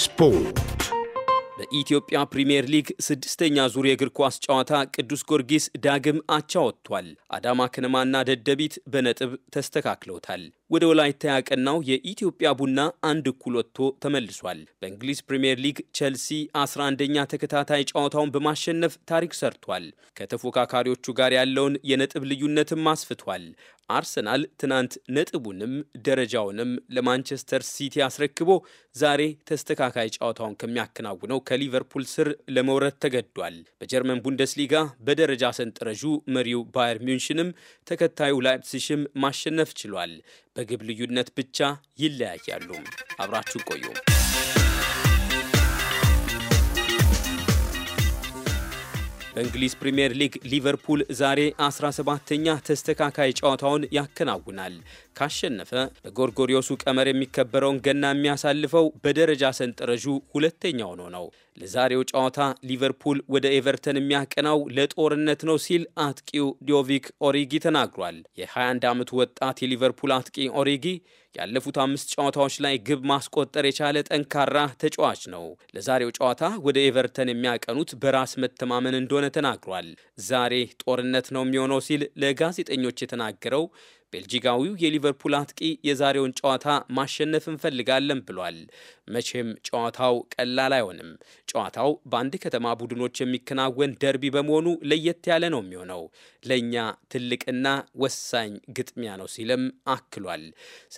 ስፖርት በኢትዮጵያ ፕሪምየር ሊግ ስድስተኛ ዙር የእግር ኳስ ጨዋታ ቅዱስ ጊዮርጊስ ዳግም አቻ ወጥቷል። አዳማ ከነማና ደደቢት በነጥብ ተስተካክለውታል። ወደ ወላይታ ያቀናው የኢትዮጵያ ቡና አንድ እኩል ወጥቶ ተመልሷል። በእንግሊዝ ፕሪምየር ሊግ ቸልሲ 11ኛ ተከታታይ ጨዋታውን በማሸነፍ ታሪክ ሰርቷል። ከተፎካካሪዎቹ ጋር ያለውን የነጥብ ልዩነትም አስፍቷል። አርሰናል ትናንት ነጥቡንም ደረጃውንም ለማንቸስተር ሲቲ አስረክቦ ዛሬ ተስተካካይ ጨዋታውን ከሚያከናውነው ከሊቨርፑል ስር ለመውረድ ተገዷል። በጀርመን ቡንደስሊጋ በደረጃ ሰንጠረዡ መሪው ባየር ሚንሽንም ተከታዩ ላይፕሲሽም ማሸነፍ ችሏል። በግብ ልዩነት ብቻ ይለያያሉ። አብራችሁ ቆዩ። በእንግሊዝ ፕሪምየር ሊግ ሊቨርፑል ዛሬ 17ተኛ ተስተካካይ ጨዋታውን ያከናውናል። ካሸነፈ በጎርጎሪዮሱ ቀመር የሚከበረውን ገና የሚያሳልፈው በደረጃ ሰንጠረዡ ሁለተኛ ሆኖ ነው። ለዛሬው ጨዋታ ሊቨርፑል ወደ ኤቨርተን የሚያቀናው ለጦርነት ነው ሲል አጥቂው ዲዮቪክ ኦሪጊ ተናግሯል። የ21 ዓመቱ ወጣት የሊቨርፑል አጥቂ ኦሪጊ ያለፉት አምስት ጨዋታዎች ላይ ግብ ማስቆጠር የቻለ ጠንካራ ተጫዋች ነው። ለዛሬው ጨዋታ ወደ ኤቨርተን የሚያቀኑት በራስ መተማመን እንደሆነ ተናግሯል። ዛሬ ጦርነት ነው የሚሆነው ሲል ለጋዜጠኞች የተናገረው ቤልጂካዊው የሊቨርፑል አጥቂ የዛሬውን ጨዋታ ማሸነፍ እንፈልጋለን ብሏል። መቼም ጨዋታው ቀላል አይሆንም። ጨዋታው በአንድ ከተማ ቡድኖች የሚከናወን ደርቢ በመሆኑ ለየት ያለ ነው የሚሆነው። ለእኛ ትልቅና ወሳኝ ግጥሚያ ነው ሲልም አክሏል።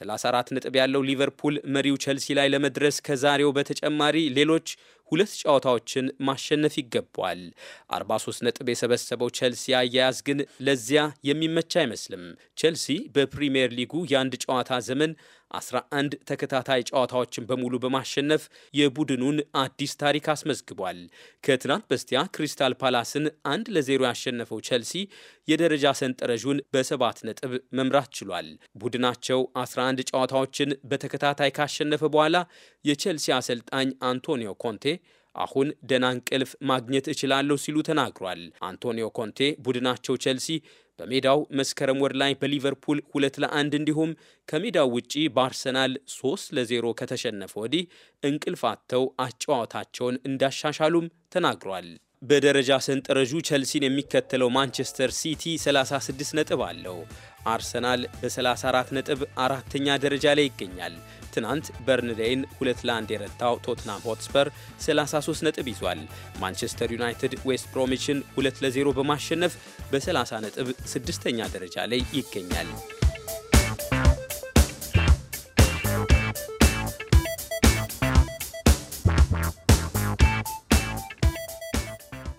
34 ነጥብ ያለው ሊቨርፑል መሪው ቸልሲ ላይ ለመድረስ ከዛሬው በተጨማሪ ሌሎች ሁለት ጨዋታዎችን ማሸነፍ ይገባዋል። 43 ነጥብ የሰበሰበው ቸልሲ አያያዝ ግን ለዚያ የሚመች አይመስልም። ቸልሲ በፕሪምየር ሊጉ የአንድ ጨዋታ ዘመን 11 ተከታታይ ጨዋታዎችን በሙሉ በማሸነፍ የቡድኑን አዲስ ታሪክ አስመዝግቧል። ከትናንት በስቲያ ክሪስታል ፓላስን አንድ ለዜሮ ያሸነፈው ቸልሲ የደረጃ ሰንጠረዡን በሰባት ነጥብ መምራት ችሏል። ቡድናቸው 11 ጨዋታዎችን በተከታታይ ካሸነፈ በኋላ የቸልሲ አሰልጣኝ አንቶኒዮ ኮንቴ አሁን ደህና እንቅልፍ ማግኘት እችላለሁ ሲሉ ተናግሯል። አንቶኒዮ ኮንቴ ቡድናቸው ቸልሲ በሜዳው መስከረም ወር ላይ በሊቨርፑል ሁለት ለአንድ እንዲሁም ከሜዳው ውጪ በአርሰናል ሶስት ለዜሮ ከተሸነፈ ወዲህ እንቅልፍ አጥተው አጨዋወታቸውን እንዳሻሻሉም ተናግሯል። በደረጃ ሰንጠረዡ ቸልሲን የሚከተለው ማንቸስተር ሲቲ 36 ነጥብ አለው። አርሰናል በ34 ነጥብ አራተኛ ደረጃ ላይ ይገኛል። ትናንት በርንሌይን ሁለት ለአንድ የረታው ቶትናም ሆትስፐር 33 ነጥብ ይዟል። ማንቸስተር ዩናይትድ ዌስት ብሮሚችን ለ0 በማሸነፍ በ30 ነጥብ ስድስተኛ ደረጃ ላይ ይገኛል።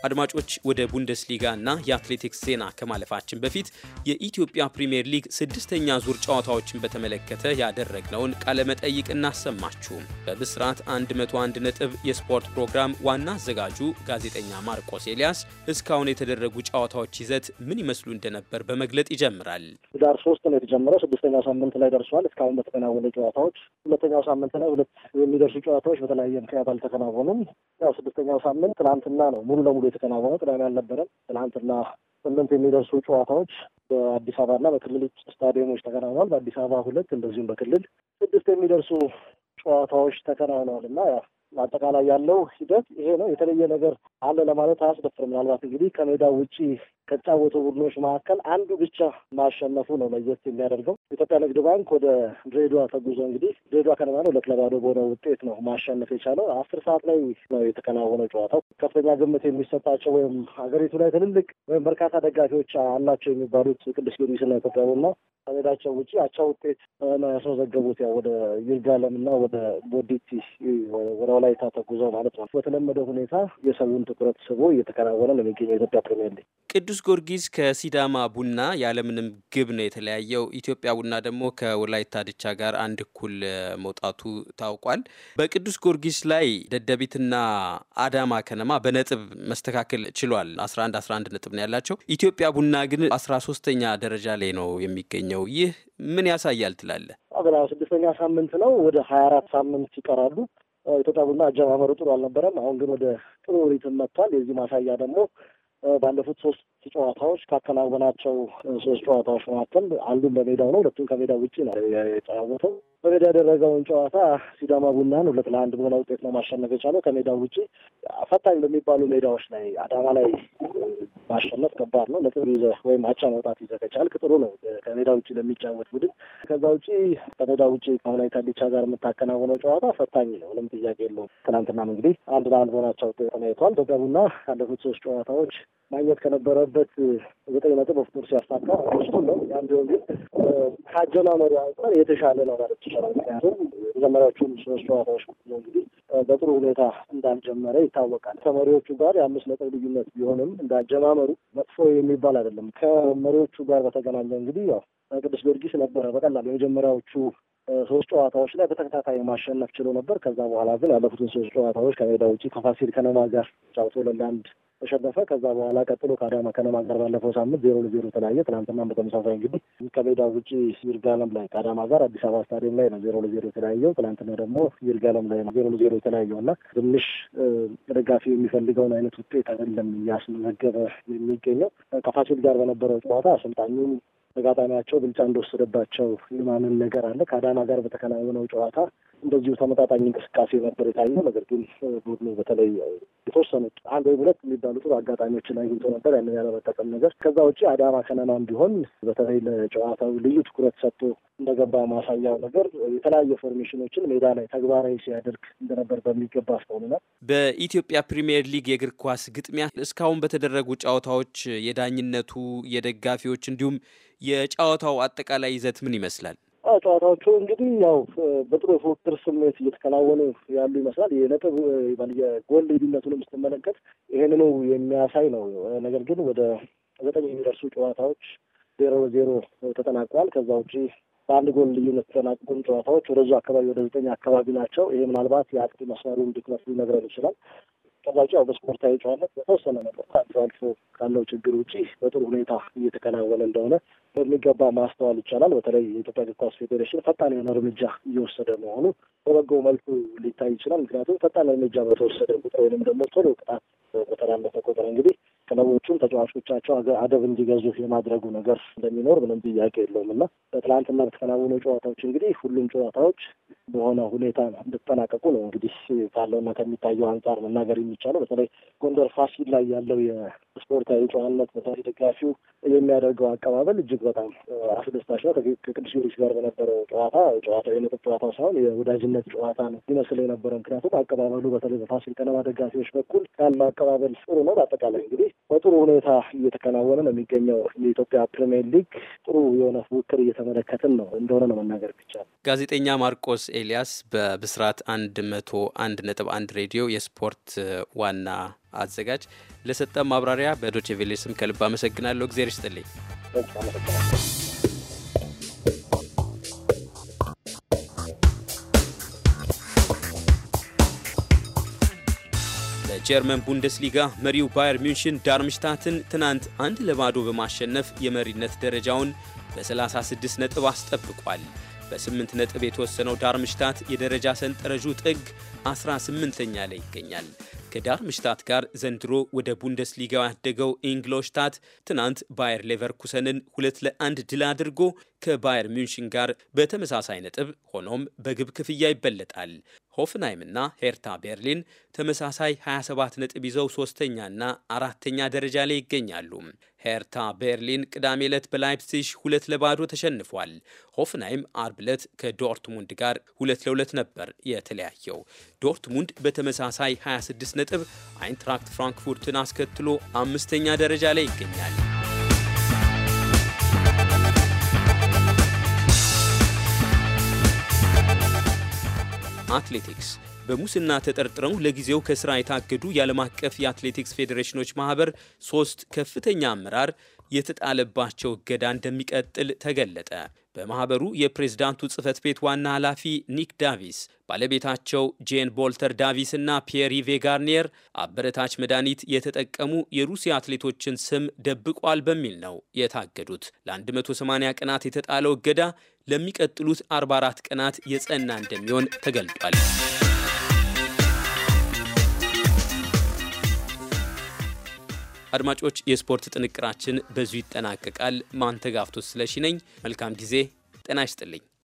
አድማጮች ወደ ቡንደስሊጋ እና የአትሌቲክስ ዜና ከማለፋችን በፊት የኢትዮጵያ ፕሪምየር ሊግ ስድስተኛ ዙር ጨዋታዎችን በተመለከተ ያደረግነውን መጠይቅ እናሰማችሁ። በብስራት 101 ነጥብ የስፖርት ፕሮግራም ዋና አዘጋጁ ጋዜጠኛ ማርቆስ ኤልያስ እስካሁን የተደረጉ ጨዋታዎች ይዘት ምን ይመስሉ እንደነበር በመግለጥ ይጀምራል። ዳር ሶስት ነው የተጀመረው። ስድስተኛ ሳምንት ላይ ደርሷል። እስካሁን በተከናወነ ጨዋታዎች ሁለተኛው ሳምንት ላይ ሁለት የሚደርሱ ጨዋታዎች በተለያየ ምክንያት አልተከናወኑም። ያው ስድስተኛው ሳምንት ትናንትና ነው ሙሉ ለሙሉ የተከናወነው ቅዳሜ አልነበረም። ትናንትና ስምንት የሚደርሱ ጨዋታዎች በአዲስ አበባና በክልል ውጭ ስታዲየሞች ተከናውነዋል። በአዲስ አበባ ሁለት እንደዚሁም በክልል ስድስት የሚደርሱ ጨዋታዎች ተከናውነዋል እና ያው አጠቃላይ ያለው ሂደት ይሄ ነው። የተለየ ነገር አለ ለማለት አያስደፍርም። ምናልባት እንግዲህ ከሜዳ ውጭ ከተጫወቱ ቡድኖች መካከል አንዱ ብቻ ማሸነፉ ነው ለየት የሚያደርገው። ኢትዮጵያ ንግድ ባንክ ወደ ድሬዳዋ ተጉዞ እንግዲህ ድሬዳዋ ከነማ ነው ሁለት ለባዶ በሆነ ውጤት ነው ማሸነፍ የቻለው። አስር ሰዓት ላይ ነው የተከናወነው ጨዋታው። ከፍተኛ ግምት የሚሰጣቸው ወይም ሀገሪቱ ላይ ትልልቅ ወይም በርካታ ደጋፊዎች አላቸው የሚባሉት ቅዱስ ጊዮርጊስና ኢትዮጵያ ቡና ከሜዳቸው ውጪ አቻ ውጤት ነው ያስመዘገቡት ያው ወደ ይርጋለም እና ወደ ቦዲቲ ወላይታ ተጉዞ ማለት ነው። በተለመደ ሁኔታ የሰውን ትኩረት ስቦ እየተከናወነ ነው የሚገኘው ኢትዮጵያ ፕሪሚየር ሊግ። ቅዱስ ጊዮርጊስ ከሲዳማ ቡና ያለምንም ግብ ነው የተለያየው። ኢትዮጵያ ቡና ደግሞ ከወላይታ ድቻ ጋር አንድ እኩል መውጣቱ ታውቋል። በቅዱስ ጊዮርጊስ ላይ ደደቢትና አዳማ ከነማ በነጥብ መስተካከል ችሏል። 11 11 ነጥብ ነው ያላቸው። ኢትዮጵያ ቡና ግን 13ተኛ ደረጃ ላይ ነው የሚገኘው። ይህ ምን ያሳያል ትላለህ? አገና ስድስተኛ ሳምንት ነው። ወደ ሀያ አራት ሳምንት ይቀራሉ። ኢትዮጵያ ቡና አጀማመሩ ጥሩ አልነበረም። አሁን ግን ወደ ጥሩ ሪትም መጥቷል። የዚህ ማሳያ ደግሞ ባለፉት ሶስት ጨዋታዎች ካከናወናቸው ሶስት ጨዋታዎች መካከል አንዱን በሜዳው ነው፣ ሁለቱን ከሜዳ ውጭ ነው የተጫወተው። በሜዳ ያደረገውን ጨዋታ ሲዳማ ቡናን ሁለት ለአንድ በሆነ ውጤት ነው ማሸነፍ የቻለው። ከሜዳው ውጭ ፈታኝ በሚባሉ ሜዳዎች ላይ አዳማ ላይ ማሸነፍ ከባድ ነው። ነጥብ ይዘ ወይም አቻ መውጣት ይዘ ከቻልክ ጥሩ ነው ከሜዳ ውጭ ለሚጫወት ቡድን። ከዛ ውጭ ከሜዳ ውጭ ከወላይታ ዲቻ ጋር የምታከናውነው ጨዋታ ፈታኝ ነው፣ ምንም ጥያቄ የለውም። ትናንትናም እንግዲህ አንድ ለአንድ በሆናቸው ውጤት ተለያይተዋል። ኢትዮጵያ ቡና ካለፉት ሶስት ጨዋታዎች ማግኘት ከነበረበት ዘጠኝ ነጥብ በፍጡር ሲያሳካ ስቱ ነው። ያም ቢሆን ግን ከአጀማመሩ አንጻር የተሻለ ነው ማለት ይቻላል። ምክንያቱም መጀመሪያዎቹን ሶስት ጨዋታዎች እንግዲህ በጥሩ ሁኔታ እንዳልጀመረ ይታወቃል። ከመሪዎቹ ጋር የአምስት ነጥብ ልዩነት ቢሆንም እንዳጀማመሩ መጥፎ የሚባል አይደለም። ከመሪዎቹ ጋር በተገናኘ እንግዲህ ያው ቅዱስ ጊዮርጊስ ነበረ በቀላሉ የመጀመሪያዎቹ ሶስት ጨዋታዎች ላይ በተከታታይ ማሸነፍ ችሎ ነበር። ከዛ በኋላ ግን ያለፉትን ሶስት ጨዋታዎች ከሜዳ ውጭ ከፋሲል ከነማ ጋር ጫውቶ ለአንድ ተሸነፈ። ከዛ በኋላ ቀጥሎ ከአዳማ ከነማ ጋር ባለፈው ሳምንት ዜሮ ለዜሮ ተለያየ። ትናንትና በተመሳሳይ እንግዲህ ከሜዳ ውጭ ይርጋለም ላይ ከአዳማ ጋር አዲስ አበባ ስታዲየም ላይ ነው ዜሮ ለዜሮ የተለያየው። ትናንትና ደግሞ ይርጋለም ላይ ነው ዜሮ ለዜሮ የተለያየው እና ትንሽ ደጋፊ የሚፈልገውን አይነት ውጤት አይደለም እያስመዘገበ የሚገኘው። ከፋሲል ጋር በነበረው ጨዋታ አሰልጣኙም ተጋጣሚያቸው ብልጫ እንደወሰደባቸው የማመን ነገር አለ። ከአዳማ ጋር በተከናወነው ጨዋታ እንደዚሁ ተመጣጣኝ እንቅስቃሴ ነበር የታየ። ነገር ግን ቡድኑ በተለይ የተወሰኑ አንድ ወይም ሁለት የሚባሉ ጥሩ ላይ ግብቶ ነበር ያንን ያለመጠቀም ነገር። ከዛ ውጭ አዳማ ከነማም ቢሆን በተለይ ለጨዋታው ልዩ ትኩረት ሰጥቶ እንደገባ ማሳያው ነገር የተለያዩ ፎርሜሽኖችን ሜዳ ላይ ተግባራዊ ሲያደርግ እንደነበር በሚገባ አስተውለናል። በኢትዮጵያ ፕሪምየር ሊግ የእግር ኳስ ግጥሚያ እስካሁን በተደረጉ ጨዋታዎች የዳኝነቱ የደጋፊዎች እንዲሁም የጨዋታው አጠቃላይ ይዘት ምን ይመስላል? ጨዋታዎቹ እንግዲህ ያው በጥሩ ፉክክር ስሜት እየተከናወኑ ያሉ ይመስላል። የነጥብ የጎል ልዩነቱንም ስትመለከት ይህንኑ የሚያሳይ ነው። ነገር ግን ወደ ዘጠኝ የሚደርሱ ጨዋታዎች ዜሮ ዜሮ ተጠናቋል። ከዛ ውጪ በአንድ ጎል ልዩነት ተጠናቀቁም ጨዋታዎች ወደዙ አካባቢ ወደ ዘጠኝ አካባቢ ናቸው። ይሄ ምናልባት የአጥቂ መስመሩን ድክመት ሊነግረን ይችላል። ያው በስፖርታዊ ጨዋነት በተወሰነ ነገር አልፎ አልፎ ካለው ችግር ውጭ በጥሩ ሁኔታ እየተከናወነ እንደሆነ በሚገባ ማስተዋል ይቻላል። በተለይ የኢትዮጵያ እግር ኳስ ፌዴሬሽን ፈጣን የሆነ እርምጃ እየወሰደ መሆኑ በበጎ መልኩ ሊታይ ይችላል። ምክንያቱም ፈጣን እርምጃ በተወሰደ ቁጥር ወይንም ደግሞ ቶሎ ቅጣት በተላለፈ ቁጥር እንግዲህ ክለቦቹም ተጫዋቾቻቸው አደብ እንዲገዙ የማድረጉ ነገር እንደሚኖር ምንም ጥያቄ የለውም እና በትላንትና በተከናወኑ ጨዋታዎች እንግዲህ ሁሉም ጨዋታዎች በሆነ ሁኔታ እንድጠናቀቁ ነው እንግዲህ ካለውና ከሚታየው አንጻር መናገር የሚቻለው። በተለይ ጎንደር ፋሲል ላይ ያለው የስፖርታዊ ጨዋነት በተለይ ደጋፊው የሚያደርገው አቀባበል እጅግ በጣም አስደሳች ነው። ከቅዱስ ጊዮርጊስ ጋር በነበረው ጨዋታ ጨዋታ የነጥብ ጨዋታ ሳይሆን የወዳጅነት ጨዋታ ነው ሊመስል የነበረው። ምክንያቱም አቀባበሉ በተለይ በፋሲል ከነማ ደጋፊዎች በኩል ያለ አቀባበል ጥሩ ነው። በአጠቃላይ እንግዲህ በጥሩ ሁኔታ እየተከናወነ ነው የሚገኘው። የኢትዮጵያ ፕሪሚየር ሊግ ጥሩ የሆነ ፉክክር እየተመለከትን ነው እንደሆነ ነው መናገር ብቻ። ጋዜጠኛ ማርቆስ ኤልያስ በብስራት 1 ሬዲዮ የስፖርት ዋና አዘጋጅ ለሰጠ ማብራሪያ በዶቼ ቬሌ ስም ከልብ አመሰግናለሁ። እግዜር ይስጥልኝ። ጀርመን ቡንደስሊጋ መሪው ባየር ሚንሽን ዳርምሽታትን ትናንት አንድ ለባዶ በማሸነፍ የመሪነት ደረጃውን በ36 ነጥብ አስጠብቋል። በስምንት ነጥብ የተወሰነው ዳር ምሽታት የደረጃ ሰንጠረዡ ጥግ 18ኛ ላይ ይገኛል። ከዳር ምሽታት ጋር ዘንድሮ ወደ ቡንደስሊጋው ያደገው ኢንግሎሽታት ትናንት ባየር ሌቨርኩሰንን ሁለት ለአንድ ድል አድርጎ ከባየር ሚንሽን ጋር በተመሳሳይ ነጥብ ሆኖም በግብ ክፍያ ይበለጣል። ሆፍንሃይምና ሄርታ ቤርሊን ተመሳሳይ 27 ነጥብ ይዘው ሶስተኛና አራተኛ ደረጃ ላይ ይገኛሉ። ሄርታ ቤርሊን ቅዳሜ ዕለት በላይፕሲሽ ሁለት ለባዶ ተሸንፏል። ሆፍንሃይም አርብ ዕለት ከዶርትሙንድ ጋር ሁለት ለሁለት ነበር የተለያየው። ዶርትሙንድ በተመሳሳይ 26 ነጥብ አይንትራክት ፍራንክፉርትን አስከትሎ አምስተኛ ደረጃ ላይ ይገኛል። አትሌቲክስ በሙስና ተጠርጥረው ለጊዜው ከስራ የታገዱ የዓለም አቀፍ የአትሌቲክስ ፌዴሬሽኖች ማህበር ሶስት ከፍተኛ አመራር የተጣለባቸው እገዳ እንደሚቀጥል ተገለጠ። በማህበሩ የፕሬዝዳንቱ ጽህፈት ቤት ዋና ኃላፊ ኒክ ዳቪስ ባለቤታቸው ጄን ቦልተር ዳቪስ እና ፒየር ኢቬ ጋርኒየር አበረታች መድኃኒት የተጠቀሙ የሩሲያ አትሌቶችን ስም ደብቋል በሚል ነው የታገዱት። ለ180 ቀናት የተጣለው እገዳ ለሚቀጥሉት 44 ቀናት የጸና እንደሚሆን ተገልጧል። አድማጮች፣ የስፖርት ጥንቅራችን በዙ ይጠናቀቃል። ማንተጋፍቶ ስለሺ ነኝ። መልካም ጊዜ። ጤና ይስጥልኝ።